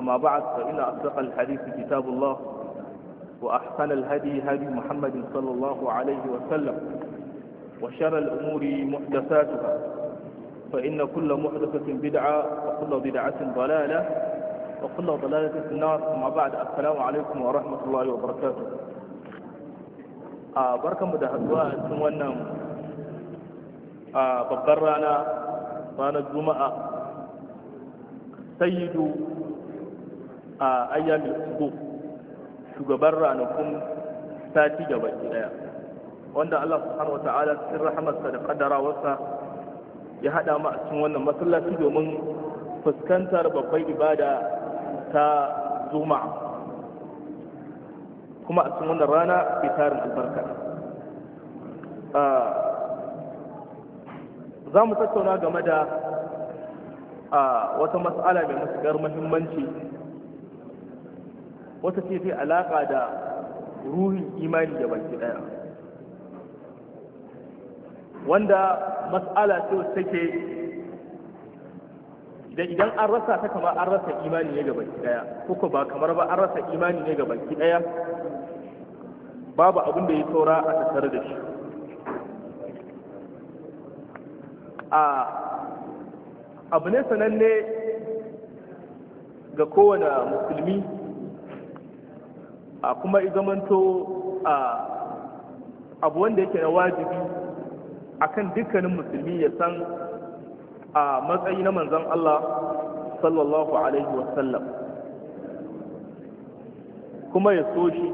أما بعد فإن أصدق الحديث كتاب الله وأحسن الهدي هدي محمد صلى الله عليه وسلم وشر الأمور محدثاتها فإن كل محدثة بدعة وكل بدعة ضلالة وكل ضلالة في النار أما بعد السلام عليكم ورحمة الله وبركاته a barkanmu da haduwa a cikin wannan babbar rana سيد a ayyamin uku shugaban ranakun sati gaba daya wanda Allah subhanahu wata'ala cikin rahamarsa da kaddarawarsa ya hada mu a cikin wannan masallaci domin fuskantar babbar ibada ta juma'a kuma a cikin wannan rana fitarin albarka za mu tattauna game da wata matsala mai matukar muhimmanci wata ce sai alaƙa da ruhin imani da baki ɗaya wanda matsala ce wacce take da idan an rasa ta kamar an rasa imani ne ga baki ɗaya kuka ba kamar ba an rasa imani ne ga baki ɗaya babu abin da ya saura a tattare da shi a abu ne sananne ga kowane musulmi a kuma zamanto a abu wanda yake na wajibi a kan dukkanin musulmi ya san a matsayi na manzan Allah sallallahu alaihi wasallam kuma ya so shi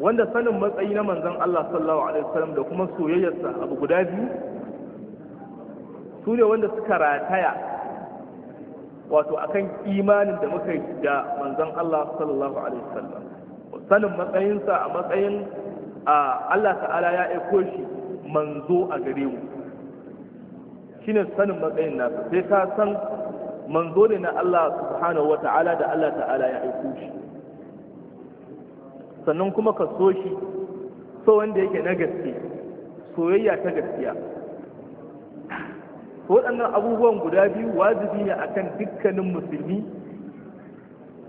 wanda sanin matsayi na manzan Allah sallallahu alaihi wasallam da kuma soyayyarsa abu guda biyu su ne wanda suka rataya wato akan imanin da muka yi da manzon Allah sallallahu alaihi wasallam sanin matsayinsa a matsayin Allah ta'ala ya aiko shi manzo a gare mu shine sanin matsayin nasa sai ka san manzo ne na Allah subhanahu wa ta'ala da Allah ta'ala ya aiko shi sannan kuma ka so shi so wanda yake na gaske soyayya ta gaskiya waɗannan abubuwan guda biyu wajibi ne akan dukkanin musulmi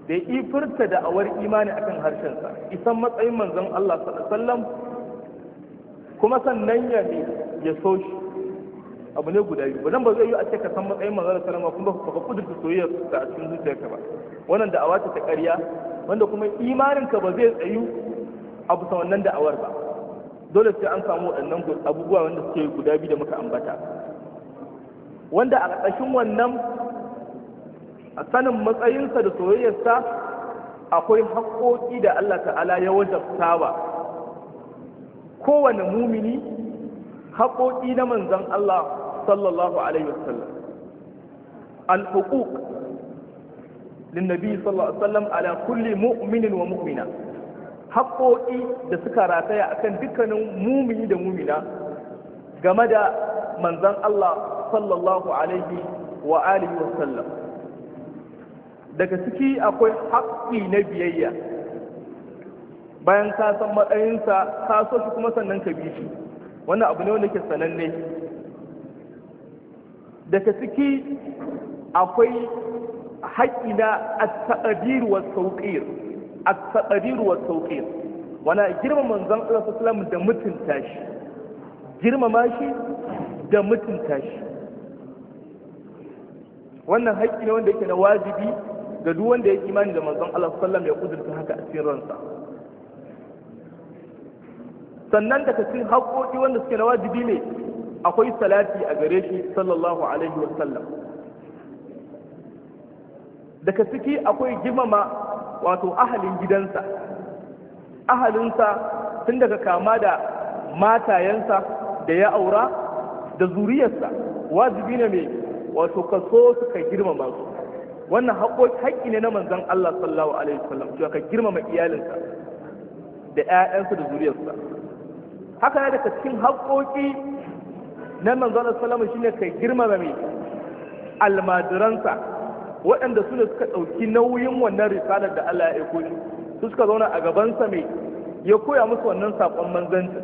da ifirta furta da'awar imani akan harshensa isan matsayin manzon Allah sallallahu kuma sannan ya ya so shi abu ne guda biyu wannan ba zai yi a ce ka san matsayin manzon sallallahu alaihi wasallam kuma ka kudurta soyayya ta a cikin zuciyarka ba wannan da'awa ta ƙarya wanda kuma imaninka ba zai tsayu a bisa wannan da'awar ba dole sai an samu waɗannan abubuwa wanda suke guda biyu da muka ambata wanda a ƙarƙashin wannan a sanin matsayinsa da soyayyarsa akwai haƙoƙi da Allah ta'ala ya wajabta wa kowane mumini haƙoƙi na manzan Allah sallallahu alaihi wasallam al-huquq Nabi sallallahu alaihi wasallam ala kulli mu'minin wa mu'mina haƙoƙi da suka rataya akan dukkanin mumini da mumina game da manzan Allah sallallahu alaihi wa alihi wa sallam daga ciki akwai haƙƙi na biyayya bayan ka san matsayinsa ka so shi kuma sannan ka bi shi wannan abu ne wanda ke sananne daga ciki akwai haƙƙi na at-taqdir wa tawqir at-taqdir tawqir wana girmama manzon Allah sallallahu alaihi wa da mutunta shi girmama shi da mutunta shi wannan haƙƙi ne wanda yake na wajibi ga duk wanda ya imani da manzon Allah sallam ya kudurta haka a cikin ransa sannan daga cikin haƙƙoƙi wanda suke na wajibi ne akwai salati a gare shi sallallahu alaihi wa sallam daga ciki akwai girmama wato ahalin gidansa ahalinsa tun daga kama da matayensa da ya aura da zuriyarsa wajibi ne mai wato ka so su ka girmama su wannan haƙƙi ne na manzan Allah sallallahu alaihi wasallam cewa ka girmama iyalinsa da ƴaƴansa da zuriyarsa haka ne daga cikin haƙƙoƙi na manzan Allah sallallahu alaihi wasallam shine ka girmama mai almaduransa waɗanda su ne suka ɗauki nauyin wannan risalar da Allah ya aiko shi su suka zauna a gabansa mai ya koya musu wannan saƙon manzanci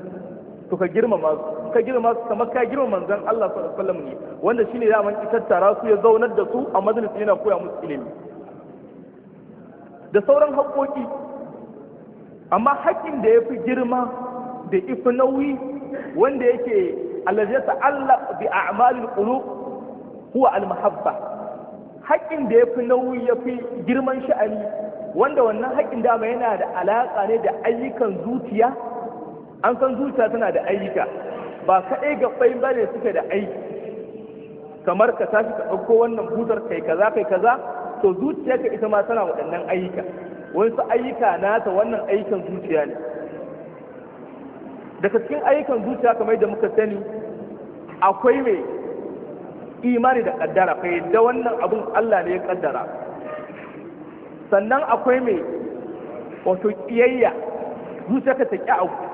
to ka girmama su ka girma su kamar ka girma manzon Allah sallallahu alaihi wasallam ne wanda shine da man tattara su ya zaunar da su a majalisi yana koya musu ilimi da sauran haƙoƙi amma haƙƙin da yafi girma da ifi nauyi wanda yake allazi ta'allaq bi a'malil qulub huwa al-mahabba haƙƙin da yafi nauyi yafi girman sha'ani wanda wannan haƙƙin dama yana da alaƙa ne da ayyukan zuciya an san zuciya tana da ayyuka ba kaɗai gabbai ba ne suke da aiki kamar ka tashi ka ɗauko wannan hutar kai kaza kai kaza to zuciyarka ita ma tana waɗannan ayyuka wasu ayyuka nata wannan ayyukan zuciya ne daga cikin ayyukan zuciya kamar da muka sani akwai mai imani da kaddara kai da wannan abun Allah ne ya kaddara sannan akwai mai wato kiyayya zuciyarka ta ƙi abu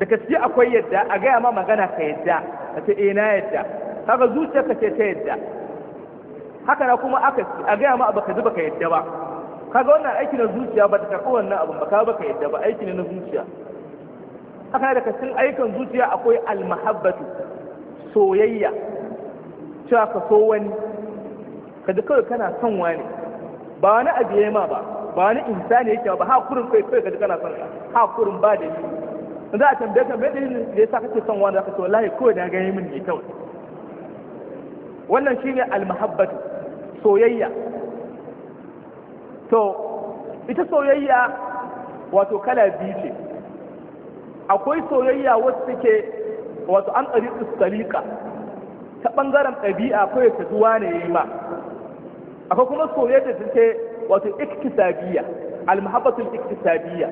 da gaske akwai yadda a gaya ma magana ka yadda a ce ina eh, yadda kaga zuciya ka ce ta yadda haka na kuma aka a gaya ma abu ka zuba ka yadda ba kaga wannan aiki na zuciya ba ta karɓi wannan abu ba ka baka yadda ba aiki ne na zuciya haka na da cikin aikin zuciya akwai almahabbatu soyayya cewa ka so wani ka ji kawai kana son wani ba wani abu ya ma ba ba wani insani yake ba ha kurin kai kai ka ji kana son ka ha kurin ba da shi. za a tambaye ka mai dalilin da yasa kake son wani zaka ce wallahi kawai da gani min ne kawai wannan shine almahabbatu soyayya to ita soyayya wato kala biyu ce akwai soyayya wacce take wato an tsariƙi salika ta ɓangaren ɗabi'a kawai ta zuwa ne ya yi ma akwai kuma soyayya da take wato iktisabiyya almahabbatul iktisabiyya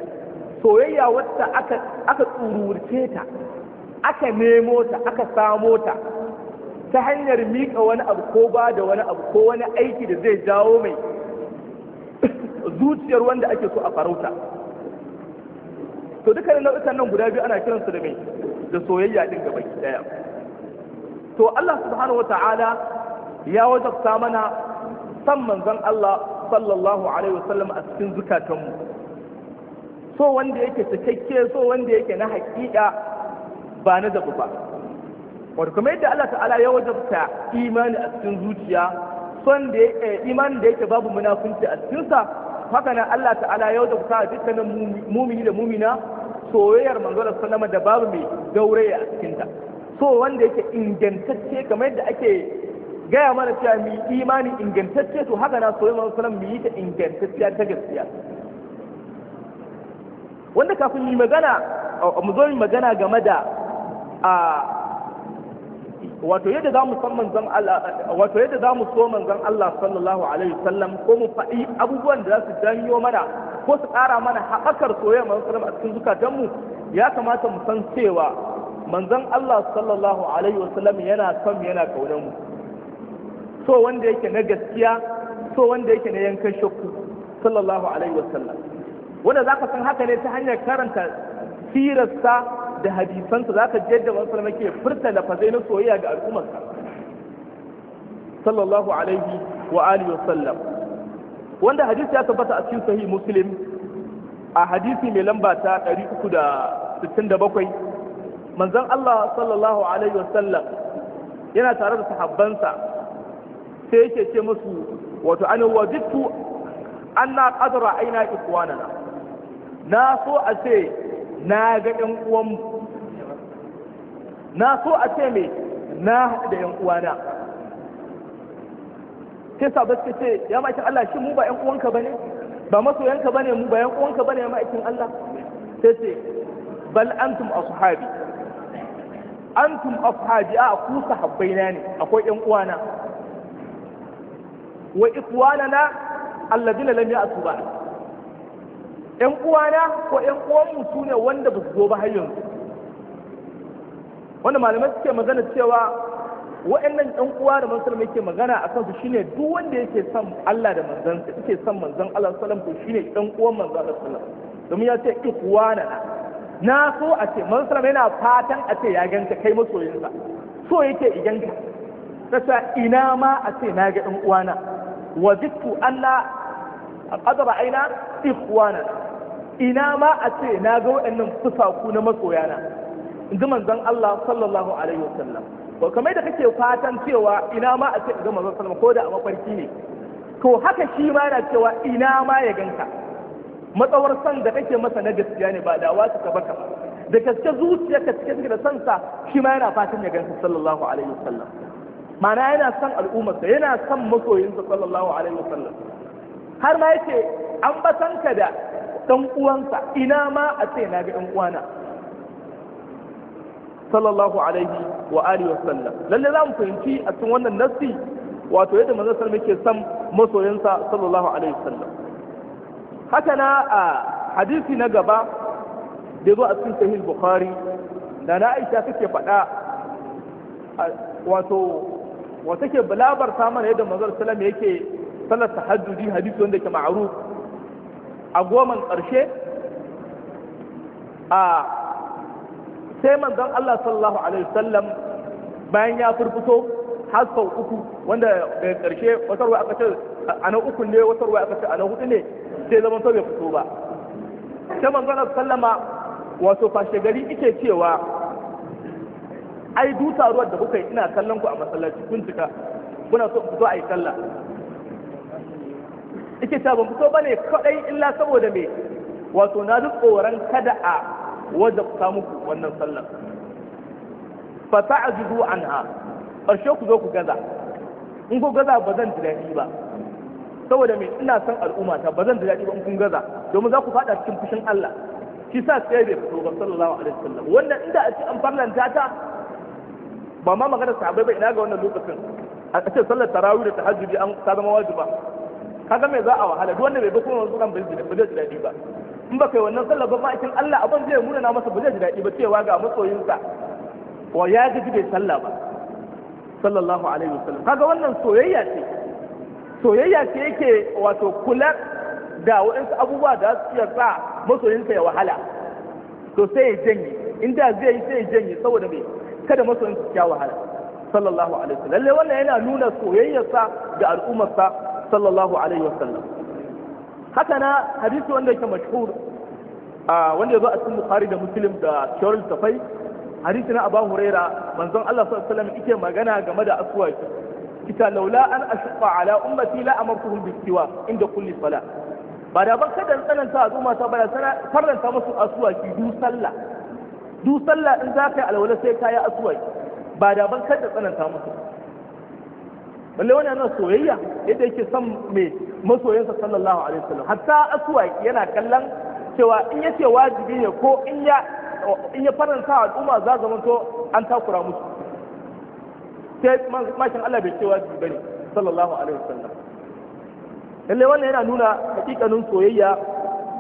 soyayya wacce aka aka tsururce ta aka nemo ta aka samo ta ta hanyar miƙa wani abu ko ba da wani abu ko wani aiki da zai jawo mai zuciyar wanda ake so a farauta to dukkanin nau'ikan nan guda biyu ana kiransu da mai da soyayya din gaba daya to Allah subhanahu wata'ala ya wajabta mana san manzon Allah sallallahu alaihi wasallam a cikin zukatanmu so wanda yake cikakke so wanda yake na haƙiƙa ba na zabu ba wato kuma yadda Allah ta'ala ya wajabta imani a cikin zuciya son da eh, imanin da yake babu munafunci a cikin sa haka nan Allah ta'ala ya wajabta dukkanin mumini da mumina soyayyar da sallama da babu mai gauraye a cikin ta so wanda yake ingantacce kamar yadda ake gaya mana cewa mu imani ingantacce to haka na soyayyar manzo sallama mu yi ta ingantacciya ta gaskiya wanda kafin mu magana mu zo mu magana game da a wato yadda za mu san manzon Allah wato yadda za mu so manzon Allah sallallahu alaihi wasallam ko mu faɗi abubuwan da za su janyo mana ko su ƙara mana haɓakar soyayya manzon sallallahu a cikin zukatanmu ya kamata mu san cewa manzon Allah sallallahu alaihi wasallam yana son yana kaunar mu so wanda yake na gaskiya so wanda yake na yankan shakku sallallahu alaihi wasallam wanda za ka san haka ne ta hanyar karanta sirarsa da hadisansa za ka jadda wani salama ke furta da fazai na soyayya ga al'ummarsa sallallahu alaihi wa alihi wasallam wanda hadisi ya tabbata a cikin sahih muslim a hadisi mai lamba ta 367 manzon Allah sallallahu alaihi wasallam yana tare da sahabbansa sai yake ce musu wato an wajidtu anna qadra aina ikwanana na so a ce na ga ɗan uwan na so a ce me na haɗu da ɗan uwana sai sa basu ce ya ma'aikin Allah shi mu ba ɗan uwanka ba ne ba masoyanka ba ne mu ba ɗan uwanka ba ne ya ma'aikin Allah sai ce bal antum ashabi antum ashabi a ku sahabbai na ne akwai ɗan uwana wa ikwana na alladina lam ya'tu ba yan uwana ko yan uwanmu su ne wanda ba su zo ba har yanzu wanda malamai suke magana cewa wa'annan yan uwa da musulmi ke magana a kansu shine duk wanda yake son Allah da su, yake son manzan Allah to shi ne dan uwan manzan Allah salam domin ya ce ikwana na so a ce manzon yana fatan a ce ya ganka kai masoyinsa so yake idan ka kasa ina ma a ce na ga dan uwana wa zittu Allah a ƙazaba aina na. ina ma a ce na ga waɗannan fusaku na masoyana in ji manzon Allah sallallahu alaihi wasallam to kamar da kake fatan cewa ina ma a ce ga manzon sallallahu ko da a mafarki ne to haka shi ma yana cewa ina ma ya ganka matsawar san da kake masa na gaskiya ne ba da wasu ka baka da gaske zuciya zuciyarka cikin da san sa shi ma yana fatan ya ganka sallallahu alaihi wasallam ma'ana yana son al'ummarsa yana son masoyinsa sallallahu alaihi wasallam har ma yake an batanka da dan uwansa ina ma a ce na ga ɗan uwana sallallahu alaihi wa alihi wasallam lalle za mu fahimci a cikin wannan nassi wato yadda manzon sallallahu alaihi wasallam yake san masoyinsa sallallahu alaihi wasallam haka na a hadisi na gaba da zo a cikin sahih bukhari da na aisha take faɗa wato wata ke ta mana yadda manzon sallallahu alaihi wasallam yake sallar tahajjudi hadisi wanda ke ma'ruf a goman ƙarshe a sai manzon Allah sallallahu alaihi wasallam bayan ya furfuto har sau uku wanda daga ƙarshe watar aka ce a na uku ne watar aka ce a na hudu ne sai zaman sau bai fito ba sai manzon Allah sallama wato fashe gari ike cewa ai dutsa ruwa da kuka yi ina kallon ku a masallaci kun cika kuna so ku zo a yi sallah yake ta ban fito ne kadai illa saboda me wato na duk tsoron kada a wajabta muku wannan sallar fa ta'jizu anha ƙarshe ku zo ku gaza in ku gaza ba zan ji daɗi ba saboda me ina son al'umma ta ba zan ji daɗi ba in kun gaza domin za ku faɗa cikin fushin Allah shi sa sai bai fito ba sallallahu alaihi wasallam wannan inda a ci an farlanta ta ba ma magana sahabbai ba ina ga wannan lokacin a ƙasar sallar tarawih da tahajjudi an ta zama wajiba kaga mai za a wahala duk wanda bai bi kuma wannan ba zai ji daɗi ba in ba kai wannan sallar ba ma'aikin Allah abin zai na masa ba zai ji daɗi ba cewa ga matsoyinsa wa ya gaji bai sallah ba sallallahu alaihi wasallam kaga wannan soyayya ce soyayya ce yake wato kula da wa'ansu abubuwa da su iya sa masoyinsa ya wahala to sai ya janye inda zai yi sai ya janye saboda me kada masoyinsa ya wahala sallallahu alaihi wasallam lalle wannan yana nuna soyayyarsa ga al'ummarsa sallallahu alaihi wasallam haka na hadisi wanda yake mashhur wanda ya zo a cikin bukhari da muslim da shawar tafai hadisi na abu huraira manzon allah sallallahu alaihi wasallam yake magana game da asuwaki. kita laula an ashqa ala ummati la amartuhum bisiwa inda kulli salat ba da ban kada tsananta a al'umma ta bada faranta musu asuwaki du sallah du sallah in za ka yi alwala sai ka yi asuwaki. ba da ban kada tsananta musu balle wani yana soyayya yadda yake son mai masoyansa sallallahu alaihi wasallam hatta aswa yana kallon cewa in yace wajibi ne ko in ya in ya faranta al'umma za zama to an takura musu sai mashin Allah bai ce wajibi bane sallallahu alaihi wasallam lalle wannan yana nuna hakikanin soyayya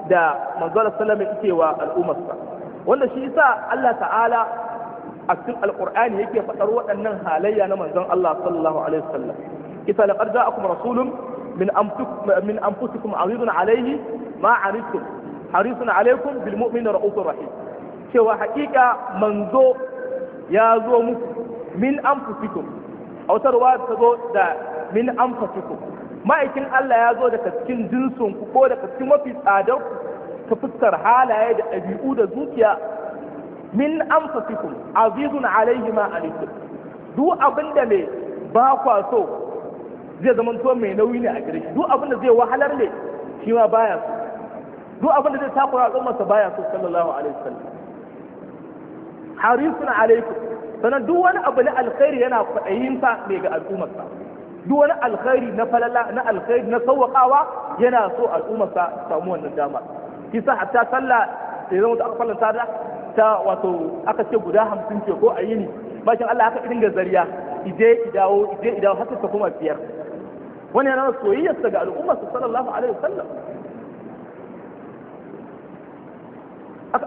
da manzo sallallahu alaihi wasallam yake wa al'ummarsa wanda shi yasa Allah ta'ala a cikin alqur'ani yake faɗar waɗannan halayya na manzon Allah sallallahu alaihi wasallam kita laqad ja'akum rasulun min anfusikum min anfusikum azizun alaihi ma aritum harisun alaikum bil mu'minina ra'ufur rahim cewa haƙiƙa manzo ya zo muku min anfusikum a wata ruwa ta zo da min anfusikum ma'aikin Allah ya zo daga cikin jinsunku ko daga cikin mafi tsadar ku ta fuskar halaye da ɗabi'u da zuciya min anfusikum azizun alaihi ma alaikum duk abinda ne ba kwa so zai zama to mai nauyi ne a gare shi duk abinda zai wahalar ne shi ma baya so duk abinda zai takura al'ummarsa baya so sallallahu alaihi wasallam harisun alaikum sannan duk wani abu na alkhairi yana kwaɗayin sa ne ga al'ummarsa duk wani alkhairi na falala na alkhairi na sauwaƙawa yana so al'ummarsa samu wannan dama kisa hatta sallah da ya zama ta aka fallanta da ta wato aka ce guda hamsin ce ko a yini bashin Allah aka dinga zariya ije idawo ide idawo haka ta kuma biyar wani yana soyayyarsa ga al'umma su sallallahu alaihi wasallam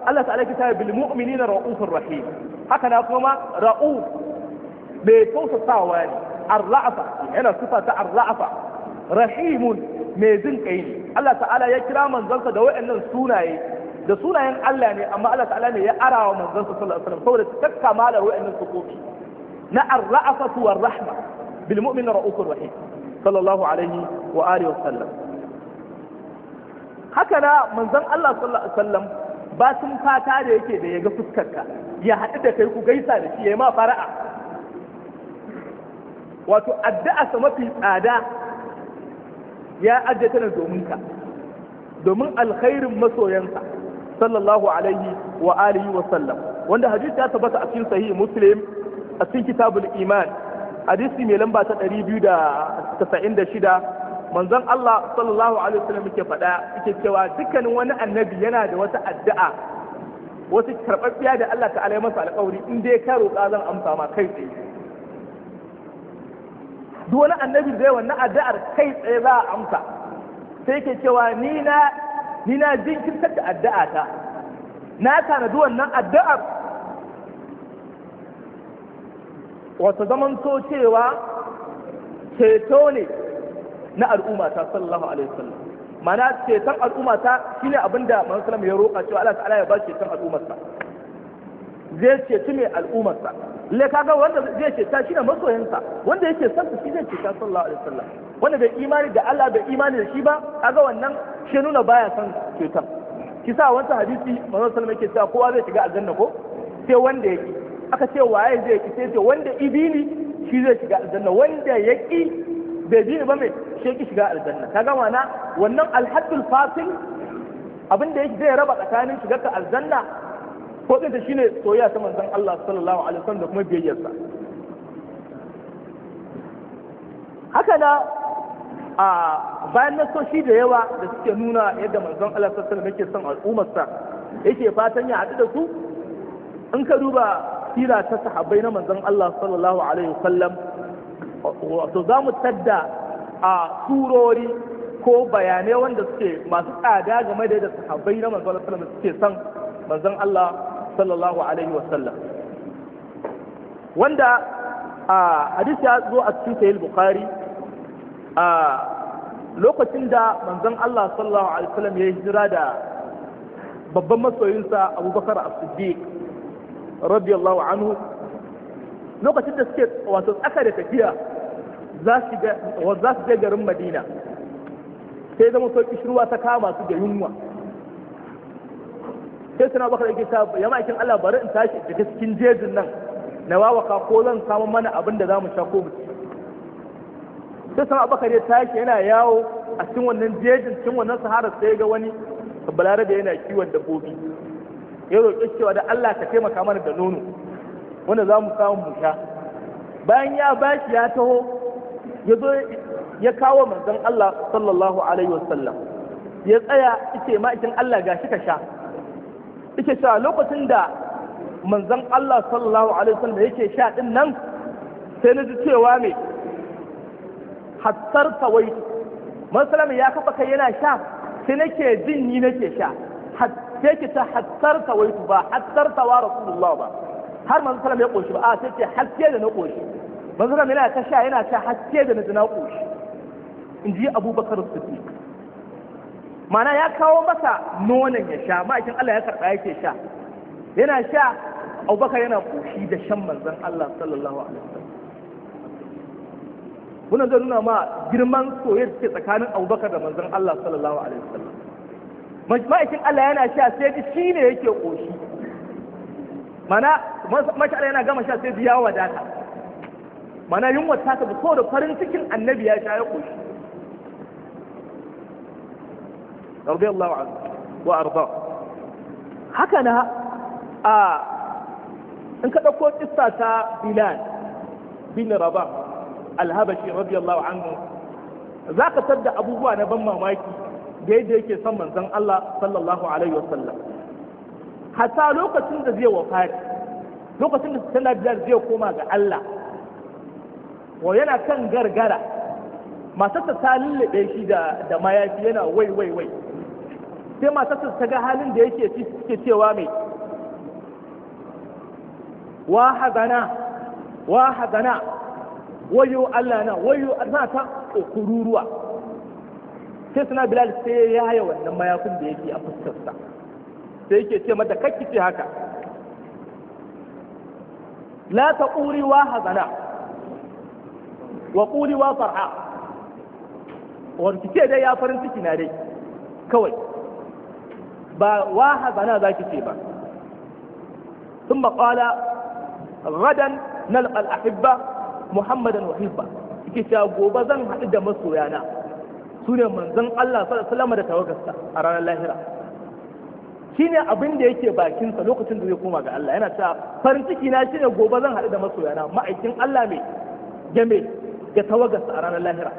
Allah ta'ala kita bil mu'minina ra'ufur rahim haka na kuma ra'uf bai tausasawa ne arla'afa yana sifa ta arla'afa rahimun mai jin kai Allah ta'ala ya kira manzansa da waɗannan sunaye da sunayen Allah ne amma Allah ta'ala ne ya arawa manzon sa sallallahu alaihi wasallam saboda takka malar wa'annan sukufi na ar-ra'afatu war-rahma bil mu'min ra'ufur rahim sallallahu alaihi wa alihi wasallam haka na manzon Allah sallallahu alaihi wasallam ba sun fata da yake da yaga fuskarka ya haɗu da kai ku gaisa da shi ya yi ma fara'a wato addu'a sa mafi tsada ya ajjata domin ka domin alkhairin masoyansa sallallahu alaihi wa alihi wa sallam wanda hadisi ya tabbata a cikin sahihi muslim a cikin kitabul iman hadisi mai lamba ta 296 manzon Allah sallallahu alaihi wa sallam yake faɗa yake cewa dukkanin wani annabi yana da wata addu'a wata karɓaɓɓiya da Allah ta'ala ya masa alƙawari in dai ka roƙa zan amsa ma kai tsaye duk wani annabi da yawan na addu'ar kai tsaye za a amsa sai ke cewa ni na ni na jinkirtar da addu'a ta na tanadi wannan addu'ar wata so cewa ceto ne na al'umma ta sallallahu alaihi wasallam mana ceton al'umma ta shine abin da manzo ya roƙa cewa Allah ta'ala ya ba ceton al'ummarsa. zai ceci mai al'ummarsa. sa le kaga wanda zai ceta shine ne sa wanda yake son shi zai ceta sallallahu alaihi wasallam wanda bai imani da Allah bai imani da shi ba kaga wannan shi nuna baya son cutar ki sa wancan hadisi manzo sallama yake cewa kowa zai shiga aljanna ko sai wanda ya ki aka ce waye zai ki sai ce wanda ibini shi zai shiga aljanna wanda ya ki bai bi ba mai shi ki shiga aljanna kaga na wannan alhaddul fasil abin da yake zai raba tsakanin shiga ka aljanna ko kinta shine soyayya ta manzon Allah sallallahu alaihi wasallam da kuma biyayyarsa haka na a bayan nasoshi da yawa da suke nuna yadda manzon Allah sallallahu alaihi yake son al'ummarsa yake fatan ya haɗu da su in ka duba sira ta sahabbai na manzon Allah sallallahu alaihi wasallam wato za mu tadda a surori ko bayanai wanda suke masu tsada game da yadda sahabbai na manzon Allah sallallahu alaihi suke son manzon Allah sallallahu alaihi wasallam wanda a hadisi ya zo a cikin sahih bukhari a lokacin da manzon Allah sallallahu alaihi wasallam ya hijira da babban masoyinsa Abubakar As-Siddiq radiyallahu anhu lokacin da suke wato tsaka da tafiya za su je garin Madina sai zama so kishruwa ta kama su da yunwa sai suna baka yake ta ya ma'aikin Allah bari in tashi daga cikin jejin nan na wawaka ko zan samu mana abin da za mu sha ko mu ci sai sama abakar ya tashi yana yawo a cikin wannan jejin cikin wannan sahara sai ga wani balarabe yana kiwon dabbobi ya roƙi cewa da Allah ka taimaka mana da nono wanda za mu samu mu sha bayan ya bashi ya taho ya zo ya kawo manzon Allah sallallahu alaihi wasallam ya tsaya ma ma'aikin Allah gashi ka sha yake sha lokacin da manzon Allah sallallahu alaihi wasallam yake sha din nan sai na ji cewa me hattar sawai masalam ya kafa kai yana sha sai nake jin ni nake sha sai ki ta hattar sawai ba hattar sawa rasulullah ba har manzo sallam ya koshi ba a sai ke hakke da na koshi manzo sallam yana ta sha yana ta haske da na na koshi in ji abubakar siddiq ma'ana ya kawo masa nonon ya sha ma'aikin Allah ya karɓa yake sha yana sha abubakar yana koshi da shan manzon Allah sallallahu alaihi wasallam Muna zai nuna ma girman soyayya da ke tsakanin abubakar da manzon Allah sallallahu alaihi wasallam ma'aikin Allah yana sha sai ji shi ne yake ƙoshi, mana mashi Allah yana gama sha sai ji ya wadata mana yunwa ta tafi ko da farin cikin annabi ya sha ya koshi radiyallahu anhu wa arda haka na a in ka ɗauko kissa ta Bilal bin Rabah alhabashi radiyallahu anhu za ka tadda abubuwa na ban mamaki da yadda yake son manzon Allah sallallahu alaihi wasallam hatta lokacin da zai wafari lokacin da tana da zai koma ga Allah wa yana kan gargara matarsa ta lullube shi da da mayafi yana wai wai wai sai matarsa ta ga halin da yake suke cewa mai wa hazana wa hazana wayo Allah na wayo za ta kururuwa sai suna bilal sai ya haya wannan mayakun da yake a fuskarsa sai yake ce mata kakki ce haka la ta ƙuri wa hazana wa ƙuri far'a wanda ce dai ya farin ciki na dai kawai ba wa hazana za ki ce ba sun maƙala radan nalƙal ahibba muhammadan wahibba yake cewa gobe zan haɗu da masoyana su ne manzon Allah sallallahu da tawagarsa a ranar lahira shine abin da yake bakinsa lokacin da zai koma ga Allah yana cewa farin ciki na shine gobe zan haɗu da masoyana ma'aikin Allah mai game ga tawagarsa a ranar lahira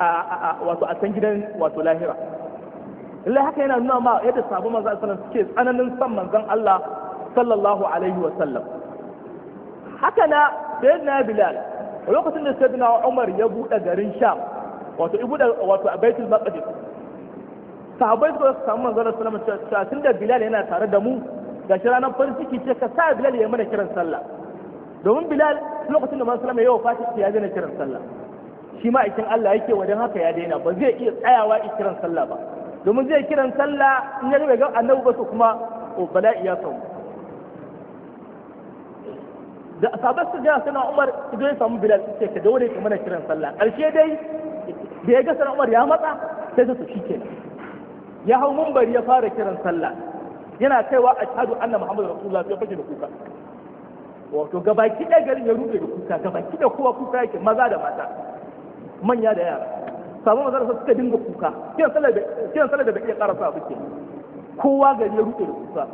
a wato a san gidan wato lahira Allah haka yana nuna ma yadda sabon manzon sallallahu suke tsananin san manzon Allah sallallahu alaihi wa sallam haka na sayyidina Bilal lokacin da sayyidina Umar ya buɗe garin Sham wato ibu da wato Baitul Maqdis sahabbai suka samu manzo Allah sallallahu alaihi wasallam da Bilal yana tare da mu gashi ranar farin ciki ce ka sa Bilal ya mana kiran sallah domin Bilal lokacin da manzo sallallahu alaihi wasallam ya ya daina kiran sallah shi ma ikin Allah yake wajen haka ya daina ba zai iya tsayawa kiran sallah ba domin zai kiran sallah in ya ga annabi ba su kuma bala'i ya samu. da asabar su gaya suna umar su ya samu bilal ce ka daure ka mana kiran sallah ƙarshe dai da ya ga sana umar ya matsa sai su shi kenan ya hau mumbari ya fara kiran sallah yana kaiwa a shahadu anna muhammadu rasulullah sai fashe da kuka wato baki ɗaya garin ya rufe da kuka baki da kowa kuka yake maza da mata manya da yara samu da suka dinga kuka kiran sallah da bai iya ƙarasa ba ke kowa gari ya rufe da kuka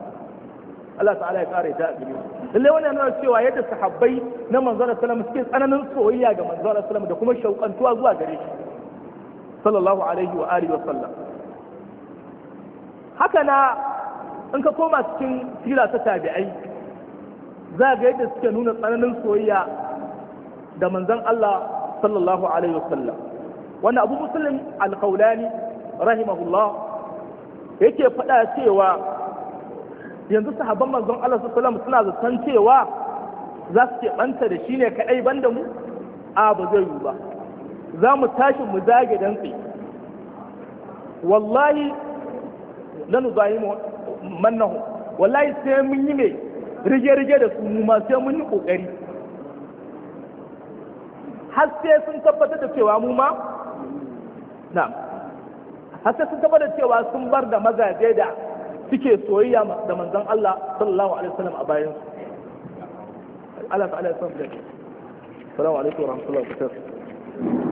Allah ta'ala ya kare ta a gare su lalle wannan yana cewa yadda sahabbai na manzon Allah suke tsananin soyayya ga manzon Allah da kuma shauƙantuwa zuwa gare shi sallallahu alaihi wa alihi wa sallam haka na in ka koma cikin sira ta tabi'ai za ga yadda suke nuna tsananin soyayya da manzon Allah sallallahu alaihi wa sallam wanda Abu Muslim al-Qawlani rahimahullah yake faɗa cewa yanzu sahabban manzon Allah su alaihi suna zaton cewa za su keɓanta da shi ne kaɗai ban da mu a ba zai yi ba za mu tashi mu zage dantse wallahi na bayi mannahu wallahi sai mun yi mai rige-rige da su mu ma sai mun yi ƙoƙari har sai sun tabbatar da cewa mu ma na har sai sun tabbatar da cewa sun bar da mazaje da suke soyayya da manzon Allah sallallahu alaihi wasallam a bayan su Allah ta'ala ya san da alaikum wa rahmatullahi wa barakatuh